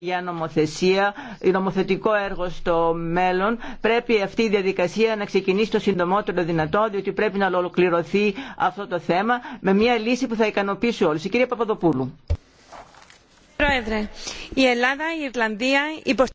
για νομοθεσία, νομοθετικό έργο στο μέλλον. Πρέπει αυτή η διαδικασία να ξεκινήσει το συντομότερο δυνατό, διότι πρέπει να ολοκληρωθεί αυτό το θέμα με μια λύση που θα ικανοποιήσει όλου. Η κυρία Παπαδοπούλου. Πρόεδρε, η Ελλάδα, η Ιρλανδία, η